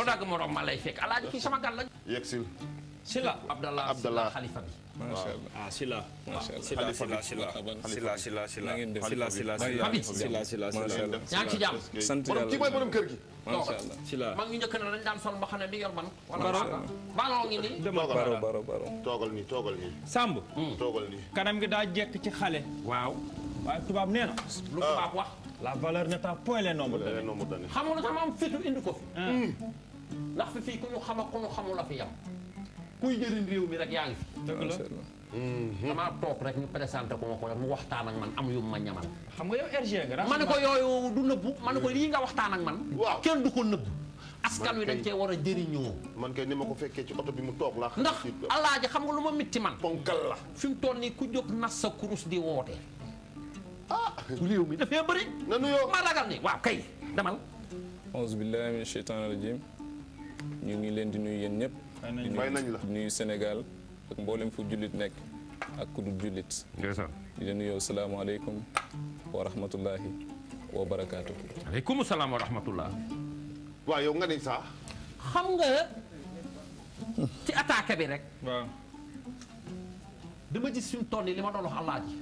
lu dagg morom ma lay fekk alaaji kii sama gan la. yegg si. Sila Abdallah Abdallah xalifa bi. macha allah ah Sila. Sila Sila Sila Sila Sila Sila Sila Sila Sila Sila Sila maa toogal nii hmm. toogal nii. kanam gi daa jekk ci xale. waaw. waaye tubaab nee na. lu tubaab wax. la valeur n'atteint point les nombres donnés. xam nga lu tax ma am fitu indi ndax fi fii ku ñu xam ak ku ñu xamul la fi yam kuy jëriñ réew mi rek yaa ngi fi. dëgg la mm-hmm. damaa toog rek ñu présenté ko ma ko rek mu waxtaan ak man am yu ma ñamal. xam nga yow RG nga. ma ne ko yooyu du nëbbu ma ne ko lii nga waxtaan ak man. waaw kenn du ko nëbbu. askan wi dañ cee war a jëriñoo. man kay ni ma ko fekkee ci oto bi mu toog laa. ndax alaaji xam nga lu ma mitti man. ponkal la fi mu toll nii ku jóg nas sa kurus di woote. ah réew mi dafee bëri. na nuyoo ma ragal ni waaw ñu ngi leen di nuyu yéen ñëpp. bay nañ la nuyu Sénégal ak mboolem fu jullit nekk ak kudu jullit. di leen nuyu salaamaaleykum aleykum salaam wa rahmatullah. yow nga ne sax. xam nga ci attaque bi rek. dama gis suñu tool yi li ma doon wax alaaji.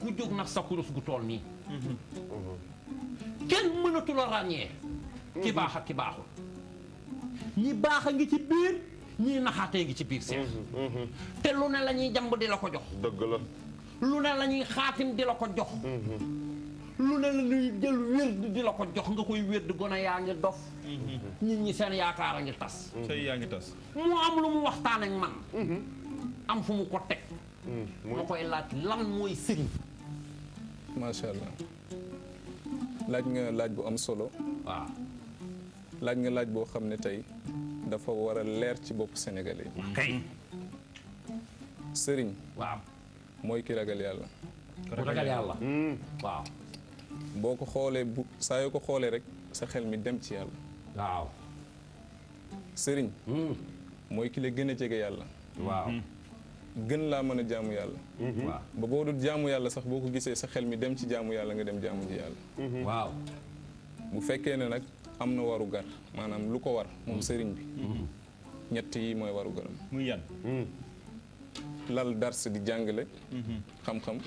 ku jóg nag sa kurus gu tool nii. Mhm. Mhm. kenn mënatu la ràññee. ki mhm. baax ki baaxul. ñi baax a ngi ci biir ñi naxaatee ngi ci biir seex mhm, mhm. te lu ne la ñuy jàmb di la ko jox dëgg la lu ne la ñuy xaatim di la ko jox mhm. lu ne la jël wérd di la ko jox nga koy wérd gone yaa ngi dof nit ñi seen yaakaar a ngi tas sey yaa ngi tas mu am lu mu waxtaan ak man am fu mu ko teg ma koy laaj lan mooy sëriñ macha allah laaj nga laaj bu am solo waaw laaj nga laaj boo xam ne tey dafa war a leer ci bopp Sénégalais yi. sëriñ. mooy ki ragal yàlla. ragal yàlla. Hmm. ko xoolee bu saa ko xoolee rek xel mi dem ci yàlla. Hmm. mooy ki gën a jege yàlla. waaw. Hmm. gën laa mën a jaamu yàlla. ba boo dul jaamu yàlla sax boo ko gisee sa xel mi dem ci jaamu yàlla nga dem jaamu ji yàlla. bu fekkee ne nag am na waru gar maanaam lu ko war moom sëriñ bi ñett yi mooy waru garam muy yan lal dars di jàngale mhm. xam-xam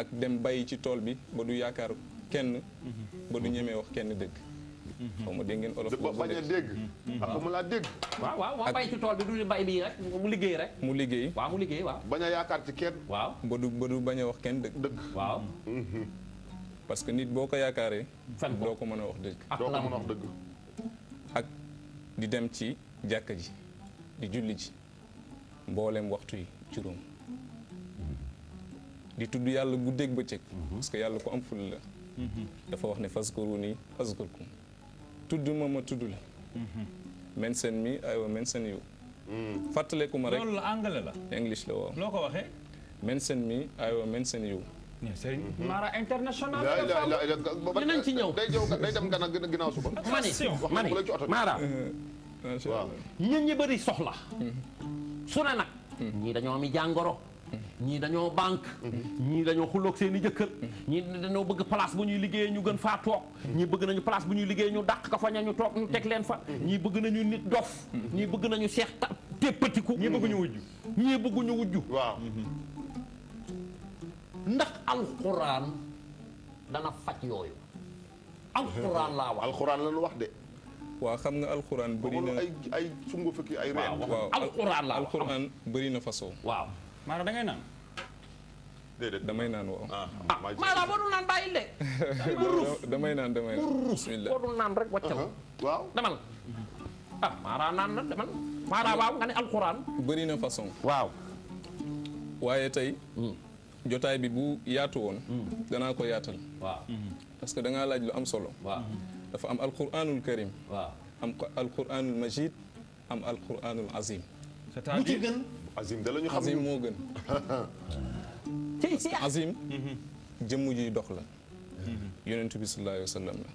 ak dem bàyyi ci tool bi ba du yaakaar kenn mhm. ba du ñemee wax kenn dëgg mhm. xaw ma dégg ngeen olof ba bañ a mu laa dégg waaw waaw ci tool bi du bàyyi mu liggéey rek mu liggéey waaw liggéey waaw bañ yaakaar ci kenn waaw ba du ba bañ a wax kenn dëgg dëgg waaw parce que nit boo ko yaakaaree. fan doo ko mën a wax dëgg. doo ko mën a wax dëgg. ak di dem ci jàkka ji di julli ji mboolem waxtu yi juróom di tudd yàlla guddeeg bëccëg. parce que yàlla ko am ful la. dafa wax ne fazkuruni azkurkum tudd ma ma tudd la. mensen mi aywa mensen yow. Mm. fàttaleku ma rek loolu la anglais la. english la waaw. loo ko waxee. mensen mi aywa yow. Serigne mhm. mm-hmm. Mara international. dinañ ci ñëw day ñëw day dem gana ginnaaw suba. attention ma ne Mara. waaw ñun ñi bëri soxla. Mhm. su ne nag. Mhm. ñii dañoo am jàngoro. ñii dañoo banque. ñii dañoo xulloog seen i jëkkër. ñii dañoo bëgg place bu ñuy liggéeyee ñu gën faa toog. ñii bëgg nañu place bu ñuy liggéeyee ñu dàq ka fa ña ñu toog ñu teg leen fa. ñii bëgg nañu nit dof. ñii bëgg nañu seex te pëtiku. ñii bëgguñu wujju. ñii bëgguñu wujju. waaw. ndax alxuraan dana faj la lu wax de waaw xam nga alxuraan bëri na ay ay bëri na façon waaw maanaam da naan damay naan waaw ah, ah, ah, maanaam boo dul naan bàyyil na demal maanaam waaw nga ne alxuraan bëri na façon waaw waaye tey hmm. jotaay bi bu yaatu woon. Hmm. danaa ko yaatal. waaw hmm. parce que dangaa laaj lu am solo. waaw dafa am alquranul karim. waaw am alquranul majid am alquranul azim. c'est-à-dire gën azim la ñu xam azim moo gën. parce que hmm. ji dox la. yonent bi sallallahu alayhi wa sallam la.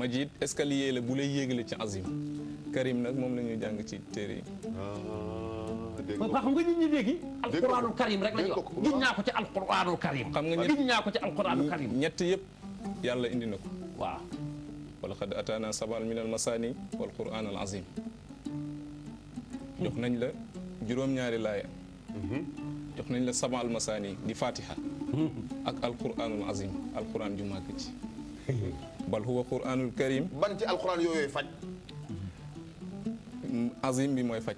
majid escalier bu lay yéegale ci azim. karim nag moom la ñuy jàng ci téere yi. Ah. ba xam nga nit ñi léegi alquranul karim rek la ñu wax gis naa ko ci alquranul karim ñett yëpp yàlla indi na ko waaw wala xad ataana saban min al wal quran al azim jox nañ la juróom-ñaari mhm. nañ la saban al masani di fatiha mhm. ak alquranul azim alquran ju màgg ci bal huwa quranul karim ban ci alquran yooyooyu faj azim bi mooy faj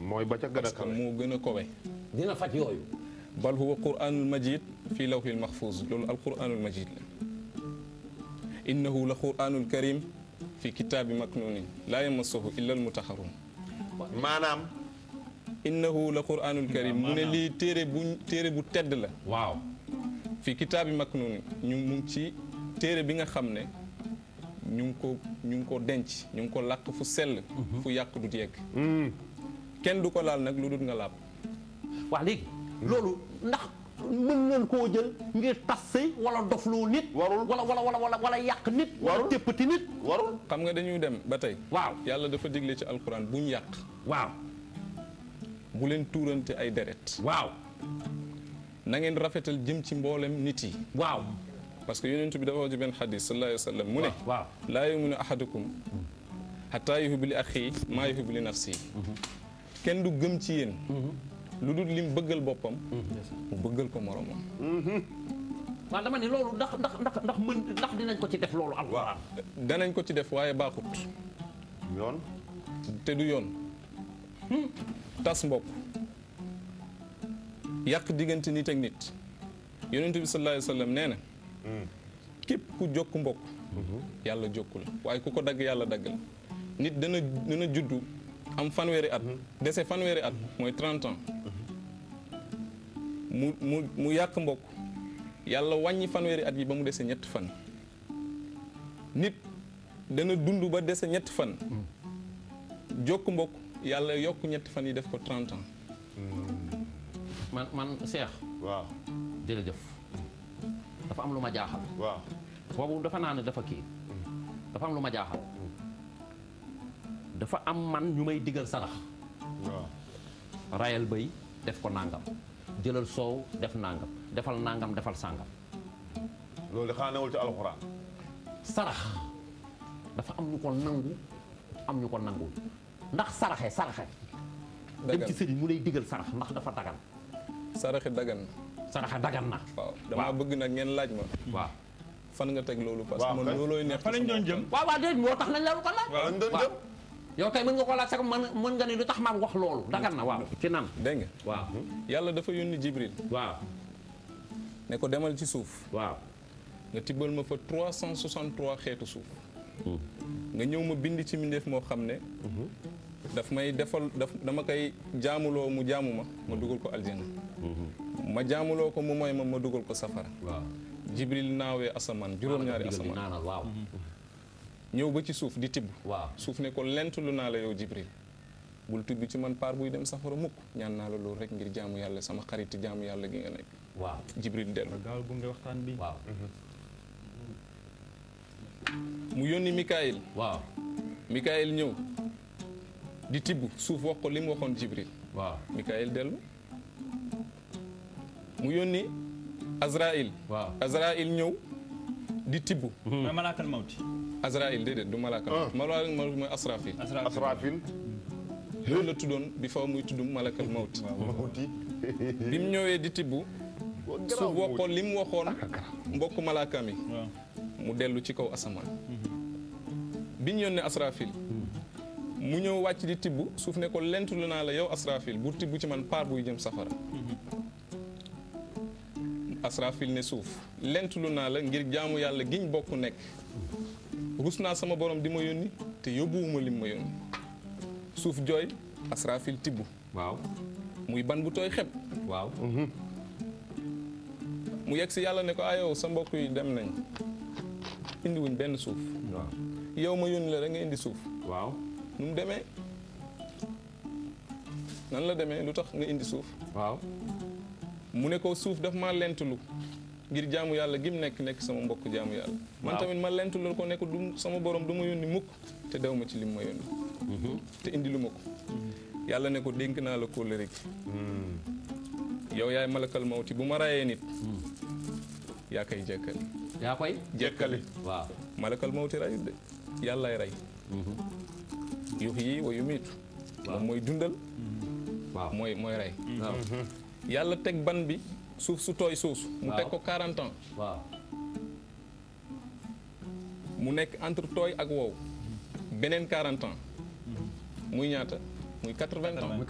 mooy ba gën a parce moo gën a kowe dina faj yooyu bal huwa quranul majid fii lawhil mahfuz loolu al quranul majid la innahu la quranul karim fi kitaabi maknunin laa yamassuhu illa al mutahharun maanaam innahu la quranul karim mu ne lii téere bu téere bu tedd la waaw fi kitaabi maknunin ñu mu ci téere bi nga xam ne ñu ngi ko ñu ngi ko denc ñu ngi ko làkk fu sell mhm. fu yàq du yegg hmm. kenn du ko laal nag lu dul nga laab. waa léegi. loolu ndax mën ngeen koo jël ngir tas sëy wala dofloo nit. warul wala wala wala wala yàq nit. warul wala téppati nit warul. xam nga dañuy dem ba tey. waaw yàlla dafa digle ci alxuraan bu ñu yàq. waaw. bu leen tuurante ay deret. waaw. na ngeen rafetal jëm ci mboolem nit yi. waaw. parce que yonent bi dafa wax ci benn xadis sallallahu alayhi wa mu ne. waaw laa yuminu ahadukum. xataa yuhibbu li axi maa yuhibbu li nafsi mhm. kenn du gëm ci yéen mm-hmm. lu dul lim bëggal boppam mm-hmm. mu bëggal ko moromam mm-hmm. waaw dama ne loolu ndax ndax ndax mën ndax dinañ ko ci def loolu alxuraan danañ ko ci def waaye baaxut yoon te du yoon hmm? tas mbokk yàq diggante nit ak nit yonent bi sallallahu alayhi wa nee na hmm. képp ku jokk mbokk yàlla jokku la waaye ku ko dagg yàlla dagg la nit dana dana juddu am fanweeri at dese fanweeri at mooy 30 mu mu mu yàq mbokk yàlla wàññi fanweeri at yi ba mu desee ñett fan nit dana dund ba dese ñett fan jokk mbokk yàlla yokk ñetti fan yi def ko 30 ans man man Cheikh dafa am lu ma jaaxal waaw boobu dafa naa ne dafa kii dafa am lu ma jaaxal dafa am man ñu may diggal sarax waaw rayal bëy def ko nàngam jëlal soow def nàngam defal nàngam defal sàngam loolu xanaa newul ci alxuraan sarax dafa am ñu ko nangu am ñu ko nangul ndax saraxe saraxe dem ci mu lay digal sarax ndax dafa dagan saraxe dagan na saraxe dagan na waaw damaa bëgg nag ngeen laaj ma waaw fan nga teg loolu parce que loolooy neex fa lañ doon jëm waaw waaw déet moo tax nañ la ko laaj waaw lañ yow tey mën nga koo laaj sax mën mën ne lu tax maam wax loolu dagan na waaw ci nan dégg nga waaw yàlla dafa yónni Jibril waaw ne ko demal ci suuf waaw nga tibbal ma fa 363 xeetu suuf hmm. nga ñëw ma bind ci mbindeef moo xam ne hmm. daf may defal daf dama koy jaamuloo mu jaamu ma ma hmm. dugal ko aljana ma jaamuloo ko mu mooy ma ma dugal ko safara waaw Jibril naawee asamaan juróom-ñaari asamaan waaw ñëw ba ci suuf di tibb waaw suuf ne ko lent lu naa la yow Jibril bul tudd ci man paar buy dem safara mukk ñaan naa la loolu rek ngir jaamu yàlla sama xaritu jaamu yàlla gi nga nekk waaw Jibril dellu gaaw bu waxtaan bi waaw mu yónni Mikaayil waaw Mikaayil ñëw di waxoon Jibril waaw Mikaayil dellu mu di tibb. Mm-hmm. mooy malaakal mawti. Azraïl déedéet du malaakal ah. mawti. malaakal mawti mm-hmm. la tuddoon bi faw muy tudd malaakal mawti. bi mu ñëwee di tibb. su waxoon li mu waxoon ah, mbokk malaaka mu dellu ci kaw asamaan. Mm-hmm. bi ñu yónnee asrafil. mu ñëw wàcc di tibb suuf ne ko lentul naa la yow asrafil bu tibb ci man paar buy jëm safara. asrafil ne suuf. lentulu naa la ngir jaamu yàlla giñ bokk nekk rus naa sama borom di ma yónni te yóbbuwuma lim ma yónni suuf jooy asraafil tibb waaw muy ban bu tooy xeb mu yegg si yàlla ne ko ayow sa mbokk yi dem nañ indiwuñ benn suuf yow ma yónni la rek nga indi suuf waaw mu demee nan la demee lu tax nga indi suuf waaw mu ne ko suuf daf maa lentulu ngir jaamu yàlla gim nekk nekk sama mbokk jaamu yàlla. man tamit ma lentu loolu ko nekk sama borom du ma yónni mukk te daw ma ci lim ma yónni. Mhm. te indi lu ma ko. Mhm. yàlla ne ko dénk naa la kóllëre gi. Mhm. yow yaay malakal mawti bu ma rayee nit. yaa waaw. malakal mawti rayut de yàllaay rey. wa yumiitu. waaw moom dundal. waaw mooy yàlla teg ban bi. suuf su tooy soosu. mu teg ko 40 ans. waaw mu nekk entre tooy ak wow beneen 40 ans. muy ñaata muy 80 ans. muy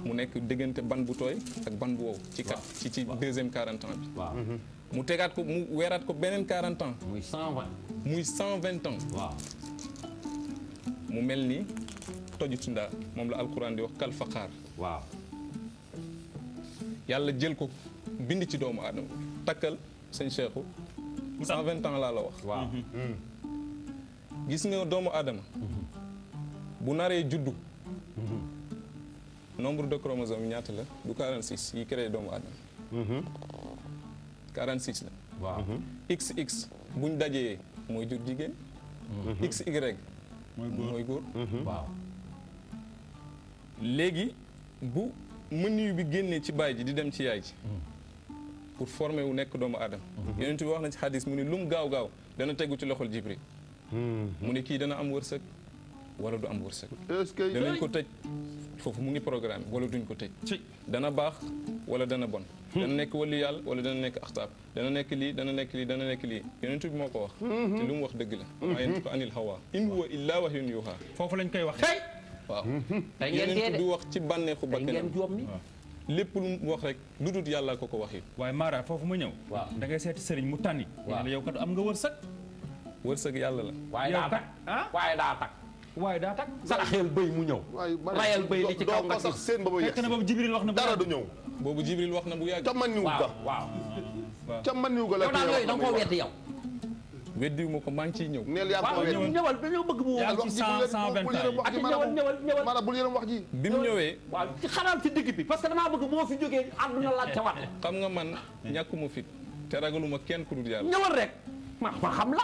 mu nekk diggante ban bu tooy ak ban bu wow. ci kat ci ci deuxième 40 ans bi. Mm-hmm. mu tegaat ko mu weeraat ko beneen 40 ans. muy 120. muy 120 ans. waaw mu mel ni tojutunda moom la alquran di wax kal faqaar. yàlla jël ko bind ci doomu aadama takkal sëñ Cheikhou. cent vingt ans laa la wax. waaw mm-hmm. Mm-hmm. gis nga doomu aadama. Mm-hmm. bu naree juddu. nombre de chromosomes ñaata la du 46 yi créé doomu aadama. 46 la. buñ dajee mooy jur jigéen. XY. mooy mooy góor. léegi bu. mëniyu bi génnee ci baay ji di dem ci yaay ji mm. pour former wu nekk doomu aadama mm-hmm. yonent bi wax na ci xadis mu ni lum gaaw gaaw dana tegu ci loxol jibril mm-hmm. mu ne kii dana am wërsëg wala du am wërsëg danañ ko tëj foofu mu ngi programme wala duñ ko tëj dana baax wala dana bon hmm. dana nekk wali yàlla wala dana nekk axtaab dana nekk lii dana nekk lii dana nekk lii yonent bi moo ko wax hmm. te lu mu wax dëgg la maa hmm. yantiqu anil hawa in huwa illa wahyun foofu lañ koy waxee waaw tey ngeen dee du wax ci bànneexu bakkanam joom ni lépp lu mu wax rek lu dut yàlla ko ko waxi waaye Mara foofu ma ñëw waaw da ngay seeti sëriñ mu tànni waaw yow kat am nga wërsëg wërsëg yàlla la waaye daa tak ah? waaye daa tak waaye daa tak saraxeel bëy mu ñëw layal bëy li ci kaw nag sax seen ba fekk na boobu jibril wax na dara du ñëw boobu jibril wax na bu yàgg ca man niw ga waaw ca man niw ga la yow daal yooyu da koo wedd yow weddi wu ma ko maa ngi ciy ñëw. neel yaa ko ñëw ñëwal dañoo bëgg mu. bi mu ñëwee. waaw ci xanaan ci digg bi parce que damaa bëgg boo fi jógee àdduna laaj ca wat. xam nga man ñàkkuma fit te ragaluma kenn ku dul yàlla. ñëwal rek ma xam la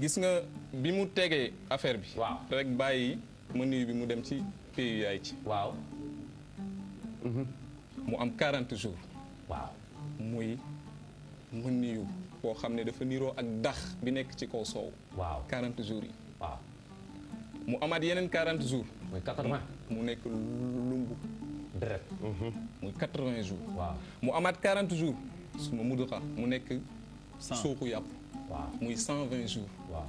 gis nga bi mu tegee affaire bi. waaw rek bàyyi ma nuyu bi mu dem ci pays yaay ci. mu am 40 jours. muy mu nuyu. boo xam ne dafa niroo ak dax bi nekk ci kaw soow. waaw 40 jours yi. mu amaat yeneen 40 jours. muy 80 mu nekk lumbu. deret. Mhm. waaw mu amaat quarante jour su ma muduxa mu nekk. 100 suuxu yàpp. waaw muy 120 jours. waaw.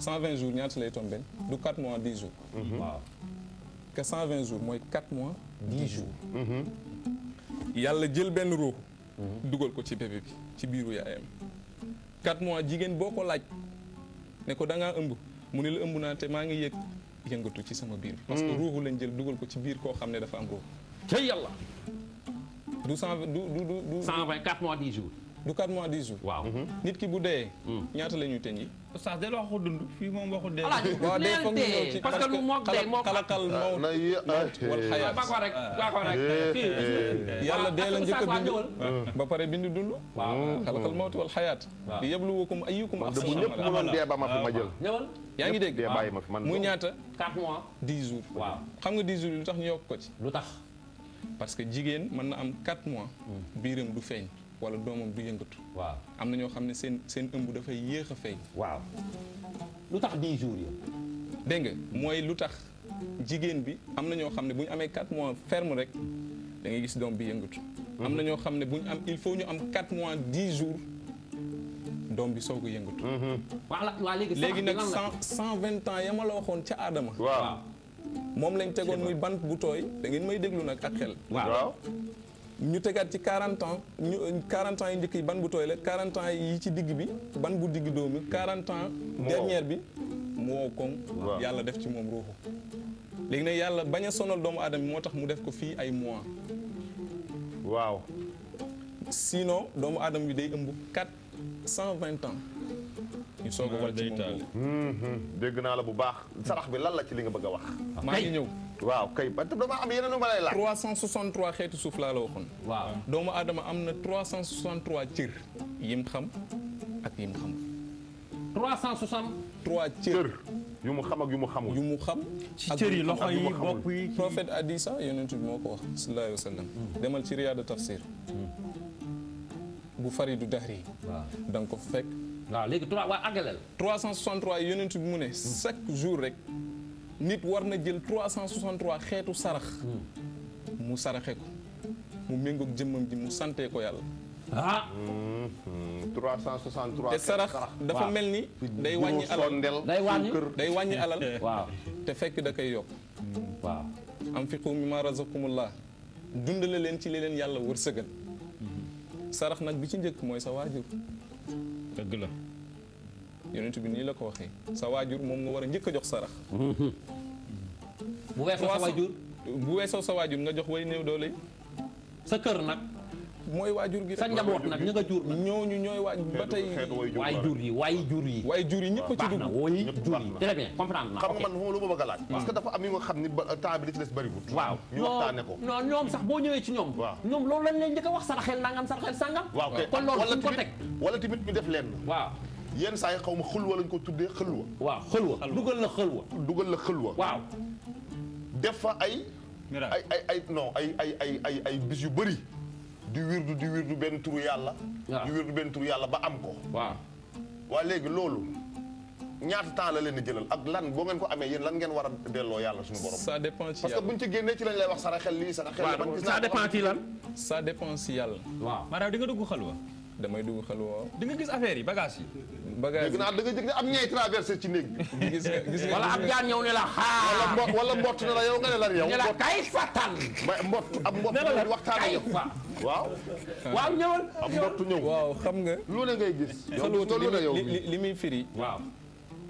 120 hmm. jours ñaata lay tombé du 4 mois 10 jour mhm. waaw que 120 jours mooy 4 mois 10 jours. Mhm. yàlla jël benn ruu. dugal ko ci bébé bi. ci biiru yaayam quatre mois jigéen boo ko laaj ne ko da ngaa ëmb mu ne la ëmb naa te maa ngi yëg yëngatu ci sama biir parce que hmm. ruuxu lañ jël dugal ko ci biir koo xam ne dafa am ko ca yàlla du cent du du du cent vingt quatre mois dix jours du 4 mois 10 jours. waaw mhm. nit ki bu dee. ñaata la ñuy tëñ yi. oustaz delloo waxu dund fii moom waxu dee. waaw day foog ñu ñëw ci parce que kalakal moo wal xayaat. waaw rek waaw rek fii. yàlla dee la njëkk a bind ah. ba pare bind dund. waaw kalakal ah, mawt wal xayaat. waaw di yabluwakum ayyukum ahsanu amala. ñëpp mënoon dee ba ma fi ma jël. ñëwal yaa ngi dégg. mu ñaata. 4 mois 10 jours. waaw xam nga 10 jours yi lu tax ñu yokk ko ci. lu tax parce que jigéen mën na am 4 mois. Hmm. biiram du feeñ. wala doomam du yëngatu. waaw am na ñoo xam ne seen seen ëmb dafay yéex a feeñ. waaw lu tax 10 jour ya dégg nga mooy lu tax jigéen bi am na ñoo xam ne bu ñu amee 4 mois ferme rek da ngay gis doom bi yëngatu. Mhm. am na ñoo xam ne bu ñu am il faut ñu am 4 mois 10 jours doom bi soog a yëngatu. Mhm. waa léegi léegi cent vingt ans ya ma la waxoon ca aadama waaw moom lañ tegoon muy bant bu tooy da ngeen may déglu nag ak xel. waaw ñu tegaat ci 40 ans ñu 40 ans yu njëkk yi ban bu tooy la 40 ans yi ci digg bi ban bu digg doomi 40 ans dernière bi moo koŋ yàlla def ci moom ruuxu léegi nag yàlla bañ a sonal doomu aadama moo tax mu def ko fii ay mois waaw sinon doomu aadama bi day ëmb vingt ans soog a wàcc moom mhm. dégg naa la bu baax sarax bi lan la ci li nga bëgg a wax. maa ngi ñëw. waaw kay ba dama am yeneen nu ma lay laaj. 363 xeetu suuf laa la waxoon. waaw doomu aadama am na 363 cër. yim xam ak yim xam. 363 cër. yu mu xam ak yu mu xamul. yu mu xam ci cër yi loxo yi bopp yi. prophète Adisa yonent bi moo ko wax. sallallahu alayhi wa sallam. Hmm. demal ci riyaadu tafsir. Hmm. bu faridu dahri. waaw da nga ko fekk. waaw léegi trois waa àggaleel. 363 yonent bi mu ne. chaque jour rek nit war na jël 363 xeetu sarax. Hmm. mu saraxe ko mu méngoog jëmmam ji mu santee ko yàlla. ah. 363 hmm, te sarax dafa mel ni. day wàññi alal day wàññi day wàññi alal. waaw te fekk da koy yokk. waaw. anfiqu mimma razaqakumullah dundale leen ci li leen yàlla wërsëgal. Hmm. sarax nag bi ci njëkk mooy sa waajur. dëgg la yonent bi nii la ko waxee sa waajur moom nga war a njëkk a jox sarax bu weesoo sa waajur bu weesoo sa waajur nga jox way néew doole yi sa kër nag mooy waajur gi sa njaboot nag ña nga jur nag ñooñu ñooy waaj ba tey waay jur yi waay jur yi waay jur yi ñëpp ci dugg waay jur yi très bien comprendre naa xam nga man lu ma bëgg a laaj parce que dafa am yu nga xam ni temps bi li ci des bëriwut waaw ñu waxtaane ko non ñoom sax boo ñëwee ci ñoom ñoom loolu lañ leen njëkk a wax saraxel nangam saraxel sangam waaw kon loolu suñ ko teg wala tamit ñu def leen waaw yenn saa yi xaw ma xëlwa lañ ko tuddee xëlwa waaw xëlwa dugal la xëlwa dugal la xëlwa waaw def fa ay ay ay ay non ay ay ay ay ay bis yu bëri di wirdu di wirdu benn turu yàlla. di wirdu benn turu yàlla ba am ko. waaw waaye léegi loolu ñaata temps la leen di jëlal ak lan boo ngeen ko amee yéen lan ngeen war a delloo yàlla suñu borom. ça dépend ci yàlla parce que buñ ci génnee ci lañ lay wax saraxel lii saraxel. waaw ça dépend ci lan. ça dépend ci yàlla. waaw maanaam di nga dugg xalwa damay dugg xel woo. di nga gis affaire yi bagages yi. bagages yi da nga jëg ne am ñay traversé ci néeg bi. gis nga gis nga wala ab jaan ñëw ne la xaar. wala wala mbott ne la yow nga ne la yow. ne la kay fatal. mais mbott ab mbott la ah. mbott ñëw xam nga. lu ngay gis. yow li muy firi. waaw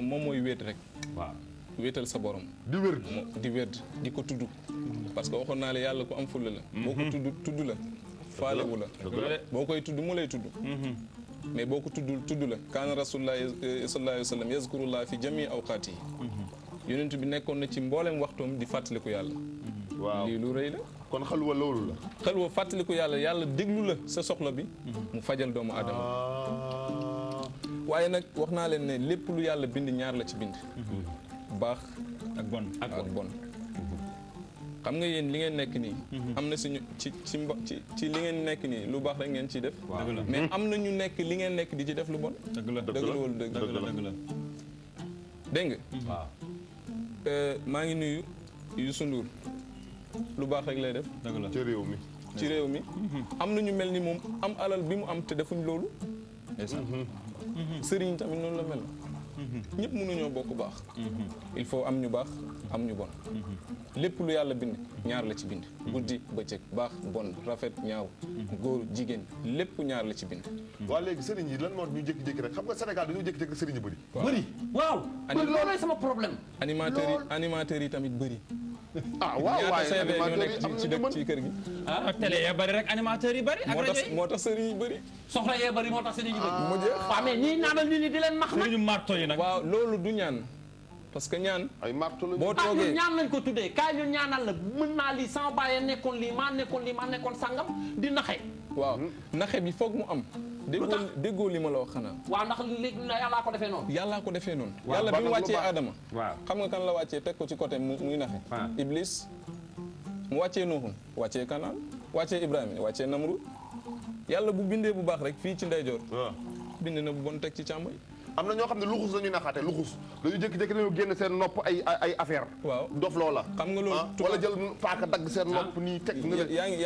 moom mooy wéet rek. waaw wéetal sa borom. di wér di di ko tudd. parce que waxoon naa la yàlla ko am fulla la. Mhm. boo ko tudd tudd la. faalewu la boo koy tudd mu lay tudd mm-hmm. mais boo ko tuddul tudd la kaana rasulullah eh, sallallahu alayhi wa sallam fi jami awqaati yi mm-hmm. yonent bi nekkoon na ci mboolem waxtoom di fàttaliku yàlla mm-hmm. waaw lu rëy la kon xalwa loolu la xalwa fàttaliku yàlla yàlla déglu la sa soxla bi mu fajal doomu aadama ah. waaye nag wax naa leen ne lépp lu yàlla bind ñaar la ci bind baax ak bon ak bon xam nga yéen li ngeen nekk nii. Mhm. am na suñu ci ci ci ci li ngeen nekk nii lu baax rek ngeen ciy def. mais am na ñu nekk li ngeen nekk di ci def lu bon. dëgg la dëgg la dëgg la dëgg la dégg nga. Mhm. waaw. Euh, maa ngi nuyu Youssou Ndour lu baax rek lay def. dëgg la ci réew mi. ci réew mi mhm. am na ñu mel ni moom am alal bi mu am te defuñ loolu. sëriñ tamit noonu la mel. ñëpp mënuñoo bokk baax. Mhm. il faut am ñu baax am ñu bon. Mhm. lépp lu yàlla bind ñaar la ci bind. Mhm. guddi bëccëg baax bon rafet ñaaw. góor jigéen lépp ñaar la ci bind. waa léegi sëriñ yi lan moo ñu jékki-jékki rek xam nga Sénégal dañoo jékki-jékki sëriñ yi bëri. bëri waaw. loolooy sama problème. animateurs yi animateurs yi tamit bëri. ah waaw waaye animateurs yi am nañu mën ci kër gi. ah télé yee bari rek animateurs yi bari. ak bari. soxla yee bari moo tax sëriñ yi bari. Ah, mu jeex waaw mais ñii naanal nit ñi di leen max nag. sëriñu marto yi loolu du ñaan. parce que ñaan. ay marto la boo toogee ah, ñaan lañ ko tuddee kaay ñu ñaanal la mën naa lii sama bàyyee nekkoon lii maa nekkoon lii maa nekkoon sangam di naxe. waaw hmm. naxe bi foog mu am. déggoo déggoo li ma la wax xanaa. waaw ndax léegi yàllaa ko defee noonu. yàllaa ko defee noonu. yàlla bi mu wàccee Adama. xam nga kan la wàccee teg ko ci côté muy naxe. Iblis mu wàccee Nuhun wàccee Kanaan wàccee Ibrahima wàccee Namru yàlla bu bindee bu baax rek fii ci ndeyjoor bind na bu bon teg ci càmmoñ am na ñoo xam ne luxus la ñuy naxaate luxus dañu jékki-jékki dañu génn seen nopp ay ay affaire waaw dof loola xam nga loolu ah, wala jël paaka dagg seen ah. nopp nii teg nga leen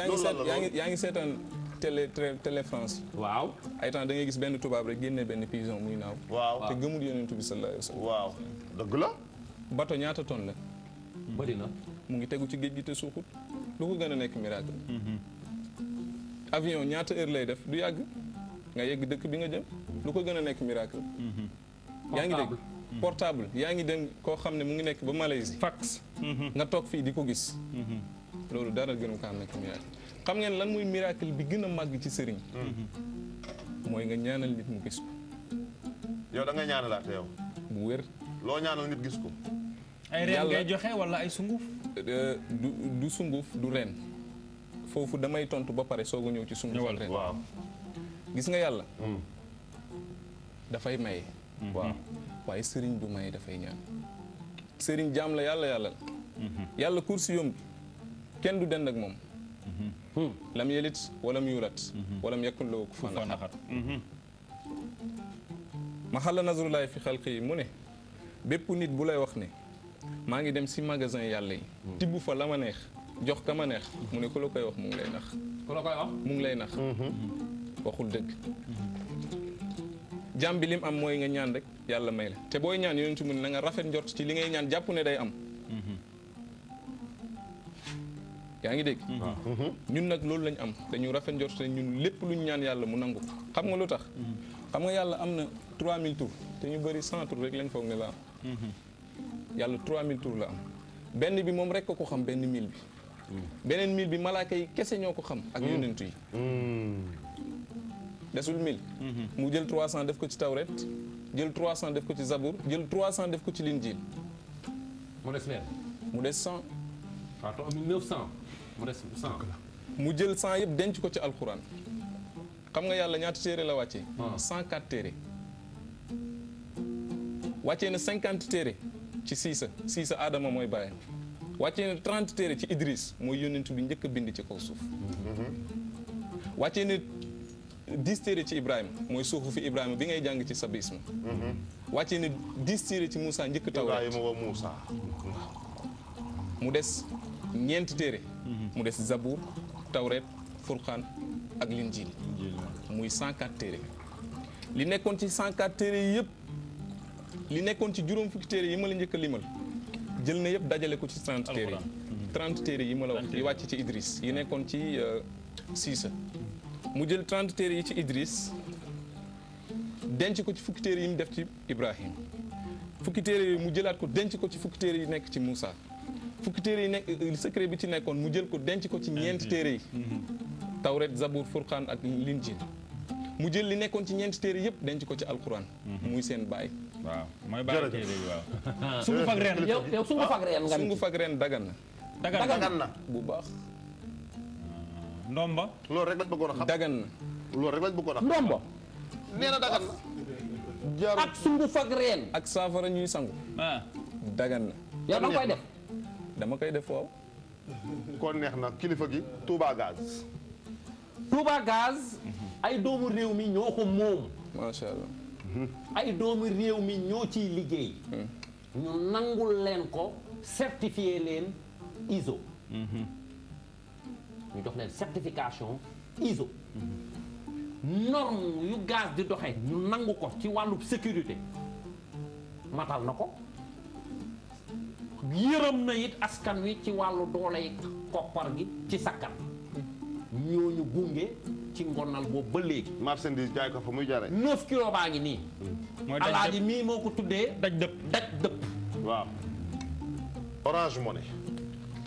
yaa ngi seetaan télé télé France waaw ay temps da ngay gis benn tubaab rek génne benn pigeon muy naaw waaw te gëmul yonent bi sallallahu alayhi wasallam waaw dëgg la bato ñaata tonne la bëri na mu ngi tegu ci géej gi te suuxut lu ko gën a nekk miracle mhm. avion ñaata heure lay def du yàgg nga yegg dëkk bi nga jëm lu ko gën a nekk miracle mm-hmm. yaa ngi dégg yaa ngi dem koo xam ne mu ngi nekk ba Malaisie fax mm-hmm. nga toog fii di ko gis mm-hmm. loolu dara gënu ko am nekk miracle xam ngeen lan muy miracle bi gën a màgg ci sëriñ mooy nga ñaanal nit mu gis ko yow da nga ñaanalaat yow bu wér loo ñaanal nit gis ko ay reen ngay joxe wala ay sunguf euh, du sunguf du ren foofu damay tontu ba pare soog a ñëw ci sunguf ren waaw gis nga yàlla mm. dafay maye mm-hmm. waaw waaye sëriñ bu maye dafay ñaan sëriñ jaam la yàlla yàlla la mm-hmm. yàlla kursi yom bi kenn du dend ak moom mm-hmm. hmm. lam yelit walam yuulat walam yakun lahu kufuwan ahad ma xala nasrulaay fi xalqi yi mu ne bépp nit bu lay wax ne maa ngi dem si magasin yàlla yi mm. tibb fa la ma neex jox ka ma neex mu ne ku la koy wax mu ngi lay nax ku la koy wax mu ngi lay nax hmm. waxul dëgg jàmm bi lim am mooy nga ñaan rek yàlla may la te booy ñaan yonentu mu ne nga rafet ci li ngay ñaan jàpp ne day am yaa ngi dégg ñun nag loolu lañ am dañu rafet njort te ñun lépp luñ ñaan yàlla mu nangu xam nga lu tax xam nga yàlla am na 3000 tours te ñu bëri centre rek lañ foog ne la am yàlla 3000 tours la am benn bi moom rek ko xam benn mil bi mm. beneen bi malaaka yi kese ñoo ko xam ak mm. yonentu yi mm. desul 1000. Mhm. mu jël 300 def ko ci tawret jël 300 def ko ci zabur jël 300 def ko ci linjiil. mu des leen. mu des 100. waaw te am 900 mu jël 100 yëpp denc ko ci alquran xam nga yàlla ñaata téere la wàccee. 104 ah. téere. wàccee na 50 téere ci siisa siisa aadama mooy bàyyam wàccee na 30 téere ci Idris mooy yónent bi njëkk a bind ci kaw suuf. Mhm. wàccee na dix téere ci Ibrahima mooy suufu fi Ibrahima bi ngay jàng ci sa bisma mhm. wàccee ne dix téere ci Moussa njëkk taw Ibrahima wa Moussa mu des ñeenti téere mhm. mu des Zabour Tawret Furqaan ak Linjiil muy cent téere li nekkoon ci cent quatre téere yi yëpp li nekkoon ci juróom fukki téere yi ma la njëkk a limal jël na yëpp dajale ko ci trente téere yi mhm. trente téere yi ma la wax yi wàcc ci Idris yi nekkoon ci euh, Siisa mu jël trente téere yi ci Idriss denc ko ci fukki téere yi mu def ci Ibrahim fukki téere yi mu jëlaat ko denc ko ci fukki téere yi nekk ci Moussa fukki téere yi nekk euh, secret bi ci nekkoon mu jël ko denc ko ci ñeenti téere yi mm-hmm. Tawret Zabour Furqaan ak Linjiil mu jël li nekkoon ci ñeenti téere yëpp denc ko ci alquran. Mm-hmm. muy seen baay. waaw mooy baay téere yi waaw. sungu fag reen yow sungu fag fag reen dagan na. dagan na bu baax. ndomba. loolu rek lañ bëggoon a xam dagan na. loolu ndomba. nee na dagan na. jaarul ak sungu fag reen. ak saafara ñuy sangu. ah dagan na. yow dama koy def. dama koy def waaw. kon neex na kilifa gi Touba Gaz. Touba Gaz. ay doomu réew mi ñoo ko moom. macha allah. ay doomu réew mi ñoo ciy liggéey. Hmm. ñu nangul leen ko certifié leen ISO. Hmm. ñu jox leen certification ISO norme yu gaz di doxee ñu nangu ko ci wàllu sécurité matal na ko yërëm na it askan wi ci wàllu dooley koppar gi ci sakkan ñooñu gunge ci ngonal boobu ba léegi. marchandise jaay ko fa muy jaaree. 9 kilo baa ngi nii. Hmm. mooy daj dëpp alaaji mii moo ko tuddee. daj dëpp daj dëpp. waaw. Orange Money.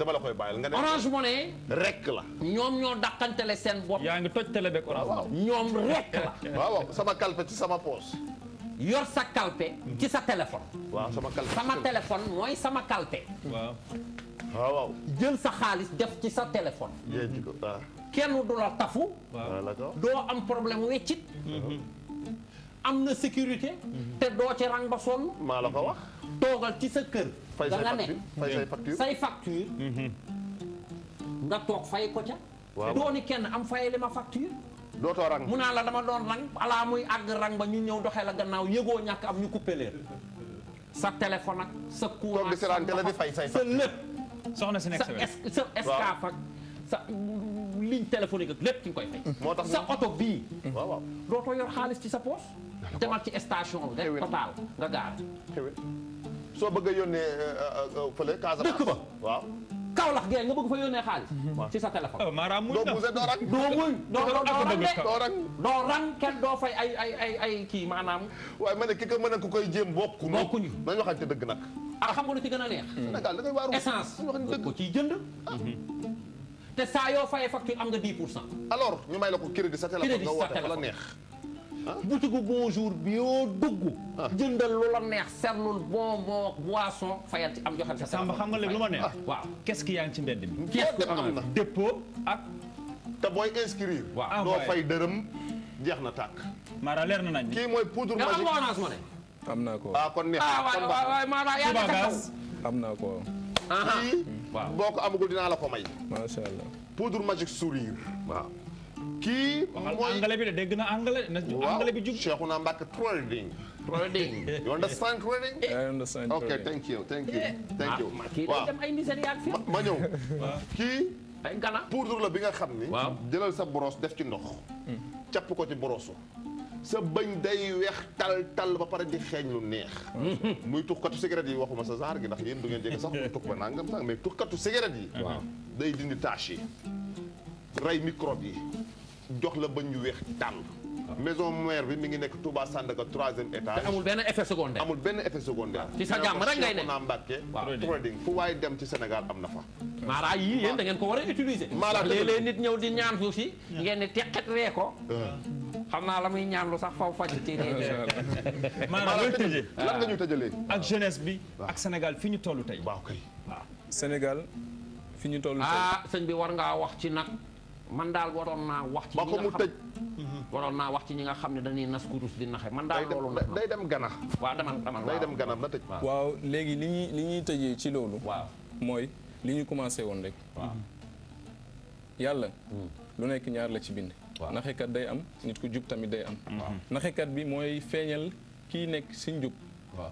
dama la koy bàyyil nga ne orange money rek la ñoom ñoo dàqantele seen bopp yaa ngi toj télé beeg orange waaw ñoom rek la waaw waaw sama kalpe ci sama poos yor sa kalpe ci sa téléphone waaw sama kalpe sama téléphone mooy sama kalpe waaw waaw waaw jël sa xaalis def ci sa téléphone kenn du la tafu doo am problème weccit mhm. am na sécurité mhm. te doo ci rang ba sonn maa la ko wax toogal ci sa kër. da nga ne say facture mhm. nga toog fay ko ca. waaw dooni kenn am fay fayale ma facture. dootoo rang mu naa la dama doon rang alaa muy àgg rang ba ñu ñëw doxee la gannaaw yëgoo ñàkk am ñu coupé leen sa téléphone ak sa courant sa sa soxna si nekk sa escaf ak sa ligne téléphonique ak lépp ki nga koy fay. moo tax sa oto bii. waaw waaw xaalis ci sa poche. demal ci station rek total nga gaar soo bëgg a yónnee euh, euh, euh, fële Casamance dëkk ba waaw. Kaolack gee nga bëgg fa yónnee xaalis. Hmm. ci sa téléphone. Oh, maanaam muy doo buuse doo rang. doo muy doo doo doo rang doo rang kenn doo fay ay ay ay ay kii maanaam. waaye ma ne ki ko mën a ku koy jéem bokkuñu. bokkuñu nañu waxante dëgg nag. ah xam nga lu ci gën a neex. Hmm. Sénégal da ngay waaru essence ko ciy jënd. Ah. Hmm. te saa yoo fayee facture am nga 10 pour cent. alors ñu may la ko crédit sa téléphone nga woote fa la neex. Ah. butigu bonjour bi yoo dugg. Ah. jëndal lu la neex seetlul bonbon boisson fayal ci am joxal sa. Samba xam nga léegi lu ma neex. Ah. waaw qu'est-ce ci mbedd mi. qu'est-ce que am na booy inscrire. waaw doo fay dërëm na tàkk. Mara leer na nañ. kii mooy poudre magique nga ko kon neex na kon baax dinaa la ko may. macha allah kii mooy angale bi de dégg na angale. waaw angale bi jub Cheikhouna Mbacké trading. trading you understand trading. I understand ok thank you thank you. thank you ah, waaw ma ñëw. kii. ay gana poudre la bi nga xam ni. waaw jëlal sa brosse def ci ndox. capp ko ci brosse sa bañ day weex tal tal ba pare di xeeñ lu neex. muy tuxkatu cigarette yi waxuma sa genre gi ndax yéen du ngeen jege sax muy tux ba nangam sax mais tuxkatu cigarette yi. waaw day dindi tache yi. rey microbe yi. jox la bañ ñu weex tàll. Ah. maison mère bi mi ngi nekk Touba Sandaga troisième étage. te amul benn effet secondaire. amul benn effet secondaire. ci sa jàmm rek ngay ne naa Mbàkke. waaw trading fu waaye dem ci Sénégal am na fa. maara yii yéen da ngeen ko war a utiliser. maara léeg-léeg nit ñëw di ñaan suuf si. ngeen ne teqet ree ko. Ah. xam naa la muy ñaan lu sax faw faj ci ne. maara looy tëjee lan la ah. ak jeunesse bi. ak senegal fi ñu toll tey. waaw kay waaw Sénégal fi ñu toll tey. ah sëñ bi war ngaa wax ci nag. man daal waroon naa wax. ci ñi nga xam waroon naa wax ci ñi nga xam ne dañuy nas kurus di naxe man daal loolu. day dem ganax waaw demal demal day dem ganax na tëj. waaw léegi li ñuy li ñuy tëjee ci loolu. waaw mooy li ñu commencé woon rek. waaw yàlla. Hmm. lu nekk ñaar la ci bind. waaw naxekat day am nit ku jub tamit day am. waaw naxekat bi mooy feeñal kii nekk si njub. waaw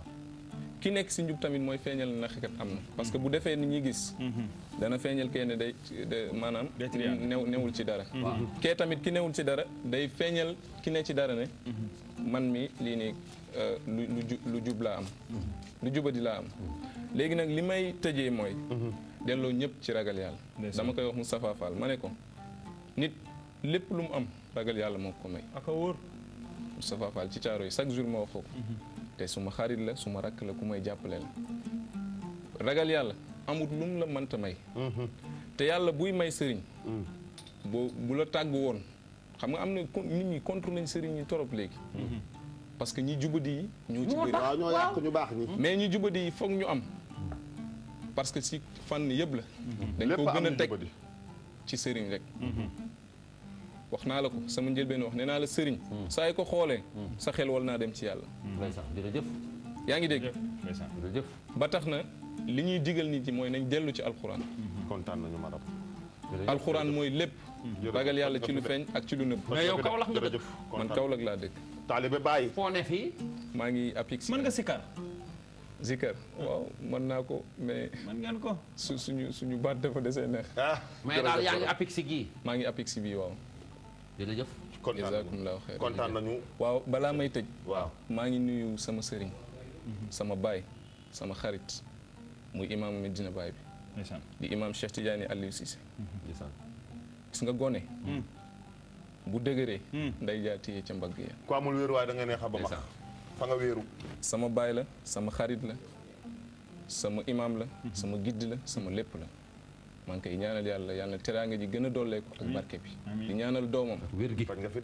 ki nekk si njub tamit mooy feeñal na xekat am na parce que bu defee ni ñuy gis dana feeñal kee day maanaam new newul ci dara kee tamit ki newul ci dara day feeñal ki ne ci dara ne man mi lii nii euh, lu lu jub laa am mm-hmm. lu jubadi laa am léegi nag li may tëje mooy mm-hmm. delloo ñëpp ci ragal yàlla dama koy wax Moustapha Fall ma ne ko nit lépp lu mu am ragal yàlla moo ko may aka wóor Moustapha Fall ci caaro yi chaque jour ma wax ko mm-hmm. te suma xarit la suma rakk la ku may jàppale la ragal yàlla amut lum la mënta may mhm. te yàlla buy may sëriñ mm. boo bu la tàgg woon xam nga am na nit ñi contre nañ sëriñ ñi torop léegi mhm. parce que ñi jubadi yi ñoo ci ñu baax mais ñi jubadi yi foog ñu am parce que si fànn yëpp la mhm. dañ ko gën a teg ci sëriñ rek wax naa la ko sama njëlbeen wax ne naa la sëriñ hmm. saa yi ko xoolee hmm. sa xel wal naa dem ci yàlla hmm. jërëjëf yaa ngi dégg jërëjëf ba tax na li ñuy digal nit ñi mooy nañ dellu ci alxuraan kontaan nañu madam alxuraan mooy lépp ragal yàlla ci lu feeñ ak ci lu nëbb mais yow Kaolack nga dëkk man Kaolack laa dëkk taalibe bàyyi foo ne fii maa ngi apix mën nga sikkar Zikar waaw mën naa ko mais. mën ngeen ko su suñu suñu baat dafa desee neex. Ah, ngi apixi gii. maa ngi apixi bii waaw. jërëjëf kontaan kontaan nañu waaw balaa may tëj waaw maa ngi nuyu sama sëriñ mhm. sama baay sama xarit muy imam Medina Baay bi di imam Cheikh Tidiane Aliou Cissé mhm. gis nga gone mhm. bu dëgëree nday jaatiyee ca mbagg ya ku amul wéeruwaay da nga neex a ba max fa nga wéeru sama baay la sama xarit la sama imaam la sama gidd la sama lépp la maa ngi koy ñaanal yàlla yàlla na teraanga ji gën a dolleeku ak barke bi di ñaanal doomam gi nga fi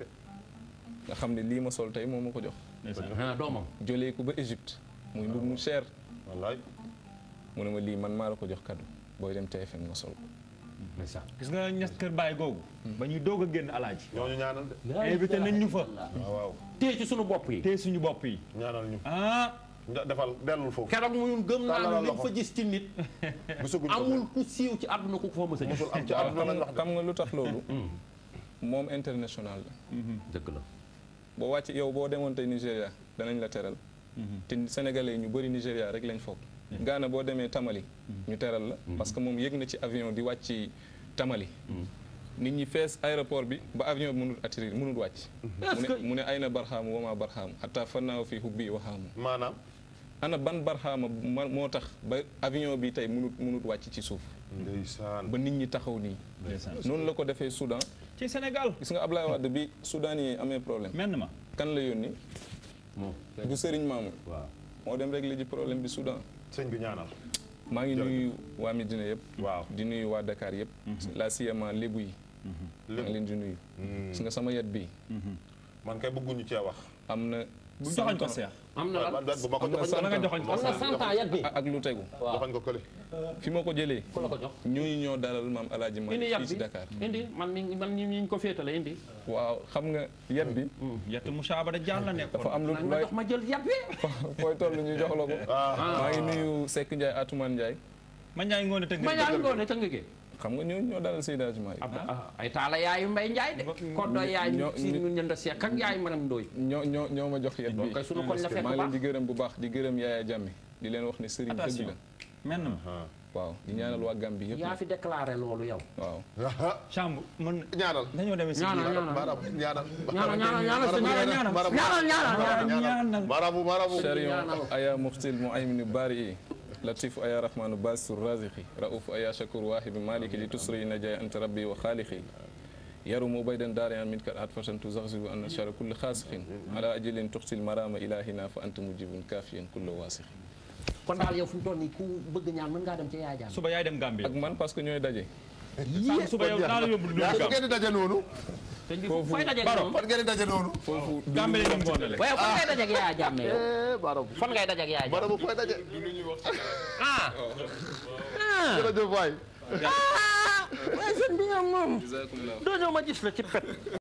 xam ne lii ma sol tey moom ma ko jox doomam jëlee ko ba Égypte muy mbub mu ah. cher wallaay mu ne ma lii man maa la ko jox kaddu booy dem TFM nga sol ko gis nga ñes kër baay googu hmm. ba ñuy doog a génn alaaji ñooñu ñaanal de invité nañ ñu fa suñu bopp yi defal dellul foofu. keroog muyul gëm naa ne liñ fa gis ci nit. amul ku siiw ci àdduna ku ko fa mës a gis. am ci àdduna xam lu tax hmm. moom international la. Hmm. dëgg la. boo wàcc yow boo demoon tey Nigéria danañ la teral. Hmm. te Sénégalais ñu bëri Nigéria rek lañ foofu Ghana boo demee Tamali. ñu teral la parce que moom yëg na ci avion di wàcc Tamali. nit ñi fees aéroport bi ba avion bi mënul atterrir mënul wàcc. mu ne ay na barxaamu wama barxaamu atta fannaaw fi hubbi waxaamu. maanaam. ana ban barxaama moo tax ba avion bi tey mënut mënut wàcc ci suuf. ba nit ñi taxaw nii. noonu la ko defee Soudan. ci Sénégal gis nga Ablaye Wade bi Soudan yi amee problème. mel kan la yónni. du Serigne Mamoun. waaw moo dem régler ji problème bi Soudan. sëñ bi ñaanal. maa ngi nuyu waa Medina yëpp. waaw di nuyu waa Dakar yëpp. Mhm. la siyamaa lébu yi. maa ngi leen di nuyu. Hmm. nga sama yet bii. Hmm. man kay bëgguñu cee wax. am na. bu joxoñ ko seex. am na lan am na sax nga joxoñ ko am na sant yet bi ak lu tegu. waaw joxoñ ko fi ma ko jëlee. ku la ko jox ñooñu ñoo dalal maam El Hadj Malick fii ci Dakar. man mi man ñi ñu ko féetale indi. waaw xam nga yet bi. Hmm. yet musaaba da jaan la nekkoon. dafa am lu ma jox ma jël yet bi. fooy toll ñu jox la ko. Ah. maa ngi nuyu Seck Ndiaye Atoumane Ndiaye. ma Ndiaye ngoone tënk. ma Ndiaye ngoone xam nga ñoo ñoo dalal Seydi Hadji Malick ah, ah, ay taala yaayu Mbaye Ndiaye de koddo yaayu si ñu ñënd seek ak yaayu maram ndooy ñoo ñoo ñoo ma jox yet la fekk leen di gërëm bu baax di gërëm Yaaya Jàmmi di leen wax ne sëriñ dëgg la mel na ma ah. waaw di ñaanal waa Gambie yëpp yaa fi déclaré loolu yow waaw chambre mën ñaanal dañoo demee si ñaanal ñaanal ñaanal ñaanal ñaanal ñaanal latifu ayaa rahmaanu basur razixi raufu ayaa shakur waahibi maliki li tusri najaay anta rabbi wa xaalixi yarumu baydan daarian min kat at fatantu zaxsibu an shara kulli xaasixin ala ajilin tuxsil marama ilahina fa anta mujibun kaafiyan kulla waasixin kon daal yow fu mu toll nii ku bëgg ñaan mën ngaa dem ca yaay jaam suba yaay dem Gambie ak man parce que ñooy daje lii suba yow naa la yóbbu du gàmm ngeen di daje noonu. foofu baro fan ngeen di daje noonu. foofu gàmbe la ñu ngoonale. waaye ah. eh, fan ngay daje ak Yaya Jammeh yow. fan ngay daje ak Yaya Jammeh. baro bu fay daje. ah. jërëjëf waay. ah. waaye sëñ bi moom. doo ñëw ma gis la ci pet.